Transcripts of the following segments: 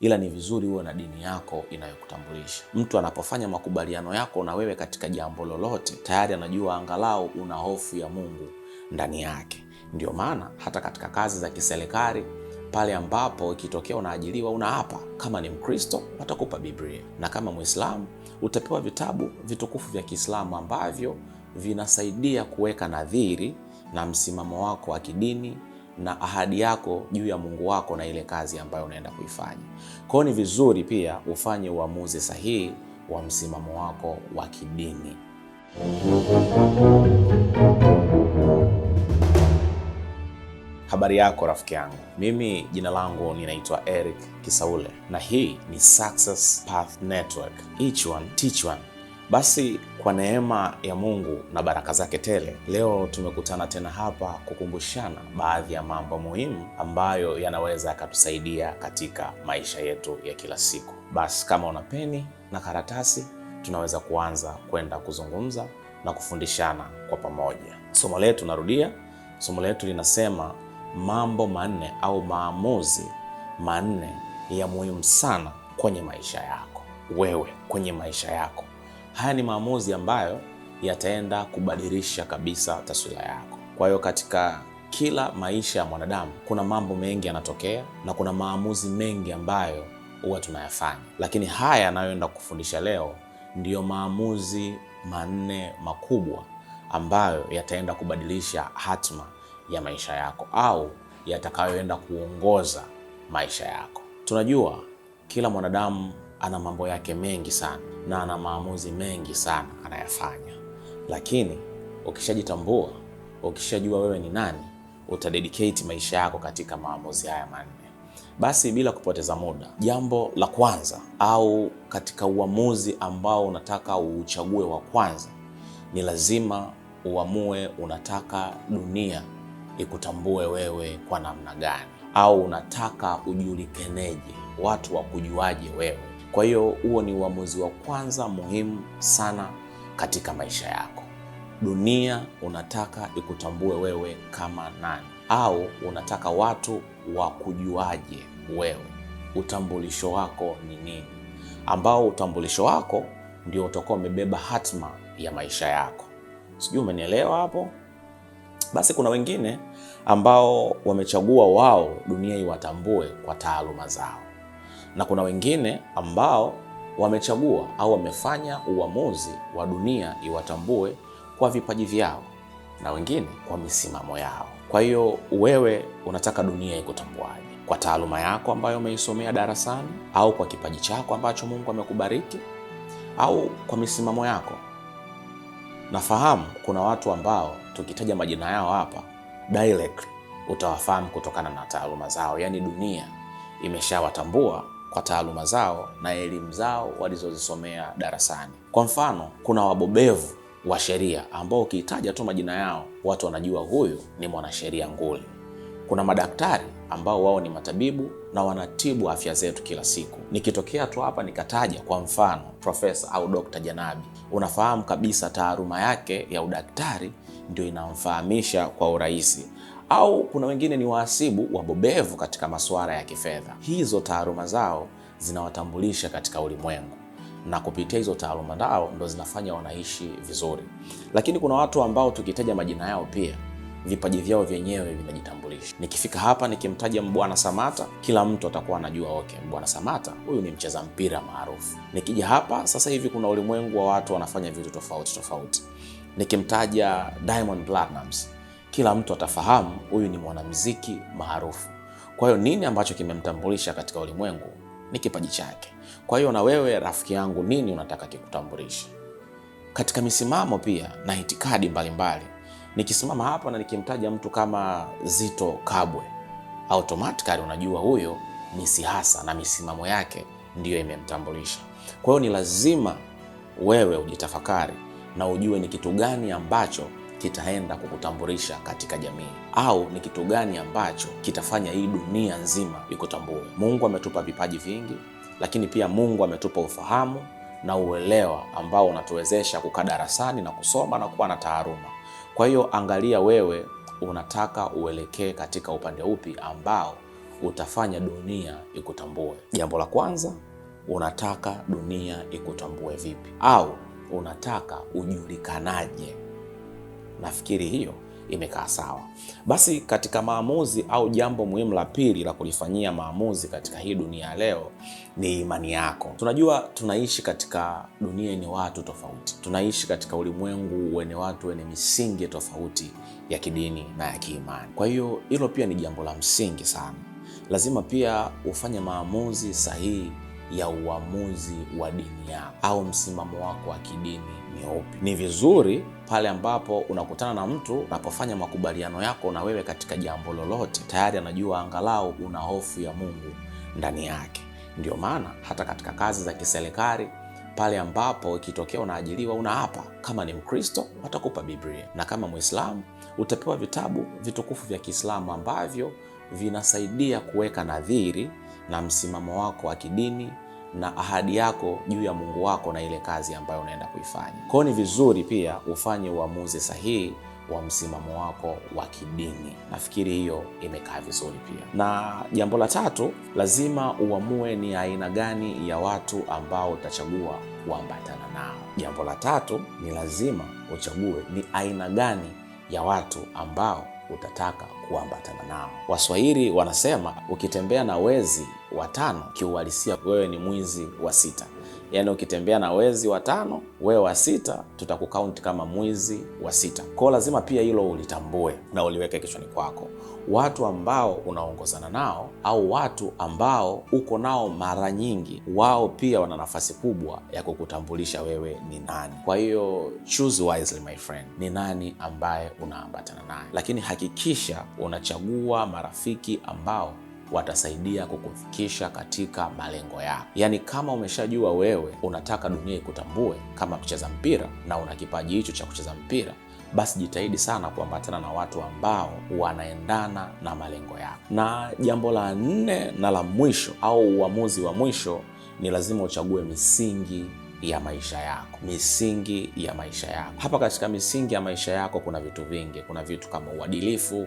ila ni vizuri uwe na dini yako inayokutambulisha. Mtu anapofanya makubaliano yako na wewe katika jambo lolote, tayari anajua angalau una hofu ya Mungu ndani yake. Ndio maana hata katika kazi za kiserikali pale ambapo ikitokea unaajiliwa una hapa, kama ni Mkristo watakupa Biblia na kama Mwislamu utapewa vitabu vitukufu vya Kiislamu ambavyo vinasaidia kuweka nadhiri na msimamo wako wa kidini na ahadi yako juu ya Mungu wako na ile kazi ambayo unaenda kuifanya. Kwa hiyo ni vizuri pia ufanye uamuzi sahihi wa msimamo wako wa kidini. Habari yako rafiki yangu, mimi jina langu ninaitwa Eric Kisaule na hii ni Success Path Network. Each one, teach one. Basi kwa neema ya Mungu na baraka zake tele, leo tumekutana tena hapa kukumbushana baadhi ya mambo muhimu ambayo yanaweza yakatusaidia katika maisha yetu ya kila siku. Basi kama una peni na karatasi, tunaweza kuanza kwenda kuzungumza na kufundishana kwa pamoja. Somo letu, narudia, somo letu linasema mambo manne au maamuzi manne ya muhimu sana kwenye maisha yako wewe, kwenye maisha yako Haya ni maamuzi ambayo yataenda kubadilisha kabisa taswira yako. Kwa hiyo katika kila maisha ya mwanadamu kuna mambo mengi yanatokea na kuna maamuzi mengi ambayo huwa tunayafanya, lakini haya yanayoenda kufundisha leo ndiyo maamuzi manne makubwa ambayo yataenda kubadilisha hatma ya maisha yako au yatakayoenda kuongoza maisha yako. Tunajua kila mwanadamu ana mambo yake mengi sana na ana maamuzi mengi sana anayafanya, lakini ukishajitambua, ukishajua wewe ni nani, utadedicate maisha yako katika maamuzi haya manne. Basi bila kupoteza muda, jambo la kwanza au katika uamuzi ambao unataka uuchague wa kwanza, ni lazima uamue unataka dunia ikutambue wewe kwa namna gani, au unataka ujulikaneje, watu wakujuaje wewe. Kwa hiyo huo ni uamuzi wa kwanza muhimu sana katika maisha yako. Dunia unataka ikutambue wewe kama nani, au unataka watu wakujuaje wewe? Utambulisho wako ni nini? Ambao utambulisho wako ndio utakuwa umebeba hatma ya maisha yako. Sijui umenielewa hapo? Basi kuna wengine ambao wamechagua wao dunia iwatambue kwa taaluma zao na kuna wengine ambao wamechagua au wamefanya uamuzi wa dunia iwatambue kwa vipaji vyao na wengine kwa misimamo yao. Kwa hiyo wewe unataka dunia ikutambuaje? Kwa taaluma yako ambayo umeisomea darasani, au kwa kipaji chako ambacho Mungu amekubariki, au kwa misimamo yako? Nafahamu kuna watu ambao tukitaja majina yao hapa direct utawafahamu kutokana na taaluma zao, yaani dunia imeshawatambua kwa taaluma zao na elimu zao walizozisomea darasani. Kwa mfano, kuna wabobevu wa sheria ambao ukiitaja tu majina yao watu wanajua huyu ni mwanasheria nguli. Kuna madaktari ambao wao ni matabibu na wanatibu afya zetu kila siku. Nikitokea tu hapa nikataja kwa mfano profesa au dokta Janabi, unafahamu kabisa taaluma yake ya udaktari ndio inamfahamisha kwa urahisi au kuna wengine ni wahasibu wabobevu katika masuala ya kifedha. Hizo taaluma zao zinawatambulisha katika ulimwengu na kupitia hizo taaluma zao ndo zinafanya wanaishi vizuri. Lakini kuna watu ambao tukitaja majina yao pia vipaji vyao vyenyewe vinajitambulisha. Nikifika hapa nikimtaja Mbwana Samata, kila mtu atakuwa anajua okay, Mbwana Samata huyu ni mcheza mpira maarufu. Nikija hapa sasa hivi kuna ulimwengu wa watu wanafanya vitu tofauti tofauti. Nikimtaja Diamond Platnumz kila mtu atafahamu huyu ni mwanamziki maarufu. Kwa hiyo nini ambacho kimemtambulisha katika ulimwengu? Ni kipaji chake. Kwa hiyo na wewe rafiki yangu, nini unataka kikutambulishe? Katika misimamo pia na itikadi mbalimbali, nikisimama hapa na nikimtaja mtu kama Zito Kabwe, automatikali unajua huyo ni siasa na misimamo yake ndiyo imemtambulisha. Kwa hiyo ni lazima wewe ujitafakari na ujue ni kitu gani ambacho kitaenda kukutambulisha katika jamii, au ni kitu gani ambacho kitafanya hii dunia nzima ikutambue. Mungu ametupa vipaji vingi, lakini pia Mungu ametupa ufahamu na uelewa ambao unatuwezesha kukaa darasani na kusoma na kuwa na taaruma. Kwa hiyo angalia wewe unataka uelekee katika upande upi ambao utafanya dunia ikutambue. Jambo la kwanza, unataka dunia ikutambue vipi? Au unataka ujulikanaje? nafikiri hiyo imekaa sawa. Basi katika maamuzi au jambo muhimu la pili la kulifanyia maamuzi katika hii dunia ya leo ni imani yako. Tunajua tunaishi katika dunia yenye watu tofauti, tunaishi katika ulimwengu wenye watu wenye misingi tofauti ya kidini na ya kiimani. Kwa hiyo hilo pia ni jambo la msingi sana, lazima pia ufanye maamuzi sahihi ya uamuzi wa dini yako au msimamo wako wa kidini ni upi. Ni vizuri pale ambapo unakutana na mtu unapofanya makubaliano yako na wewe katika jambo lolote, tayari anajua angalau una hofu ya Mungu ndani yake. Ndio maana hata katika kazi za kiserikali pale ambapo ikitokea unaajiliwa unaapa kama ni Mkristo watakupa Biblia na kama Mwislamu utapewa vitabu vitukufu vya Kiislamu ambavyo vinasaidia kuweka nadhiri na msimamo wako wa kidini na ahadi yako juu ya Mungu wako na ile kazi ambayo unaenda kuifanya. Kwa ni vizuri pia ufanye uamuzi sahihi wa msimamo wako wa kidini. Nafikiri hiyo imekaa vizuri pia. Na jambo la tatu, lazima uamue ni aina gani ya watu ambao utachagua kuambatana nao. Jambo la tatu ni lazima uchague ni aina gani ya watu ambao utataka kuambatana nao. Waswahili wanasema ukitembea na wezi watano, kiuhalisia wewe ni mwizi wa sita yaani ukitembea na wezi wa tano wewe wa sita, tutakukaunti kama mwizi wa sita. kwao lazima pia hilo ulitambue na uliweke kichwani kwako. Watu ambao unaongozana nao au watu ambao uko nao mara nyingi, wao pia wana nafasi kubwa ya kukutambulisha wewe ni nani. Kwa hiyo choose wisely my friend, ni nani ambaye unaambatana naye, lakini hakikisha unachagua marafiki ambao watasaidia kukufikisha katika malengo yako. Yaani, kama umeshajua wewe unataka dunia ikutambue kama mcheza mpira na una kipaji hicho cha kucheza mpira, basi jitahidi sana kuambatana na watu ambao wanaendana na malengo yako. Na jambo la nne na la mwisho au uamuzi wa mwisho ni lazima uchague misingi ya maisha yako. Misingi ya maisha yako. Hapa katika misingi ya maisha yako kuna vitu vingi. Kuna vitu kama uadilifu,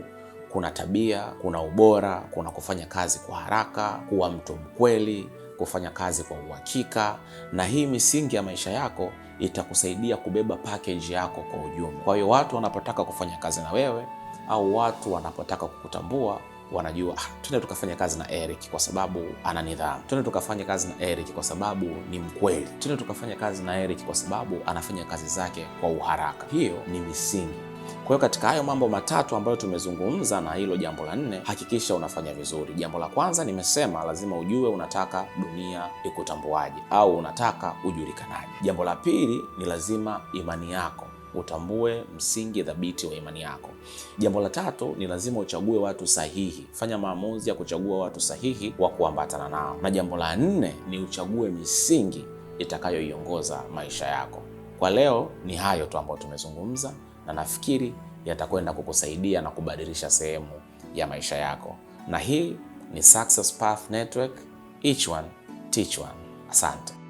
kuna tabia, kuna ubora, kuna kufanya kazi kwa haraka, kuwa mtu mkweli, kufanya kazi kwa uhakika, na hii misingi ya maisha yako itakusaidia kubeba package yako kwa ujumla. Kwa hiyo watu wanapotaka kufanya kazi na wewe au watu wanapotaka kukutambua wanajua ah, twende tukafanya kazi na Eric kwa sababu ana nidhamu. Twende tukafanya kazi na Eric kwa sababu ni mkweli. Twende tukafanya kazi na Eric kwa sababu anafanya kazi zake kwa uharaka. Hiyo ni misingi. Kwa hiyo katika hayo mambo matatu ambayo tumezungumza na hilo jambo la nne, hakikisha unafanya vizuri. Jambo la kwanza nimesema, lazima ujue unataka dunia ikutambuaje au unataka ujulikanaje. Jambo la pili ni lazima imani yako utambue msingi thabiti wa imani yako. Jambo la tatu ni lazima uchague watu sahihi, fanya maamuzi ya kuchagua watu sahihi wa kuambatana nao, na jambo la nne ni uchague misingi itakayoiongoza maisha yako. Kwa leo ni hayo tu ambayo tumezungumza na nafikiri yatakwenda kukusaidia na kubadilisha sehemu ya maisha yako. Na hii ni Success Path Network, each one teach one. Asante.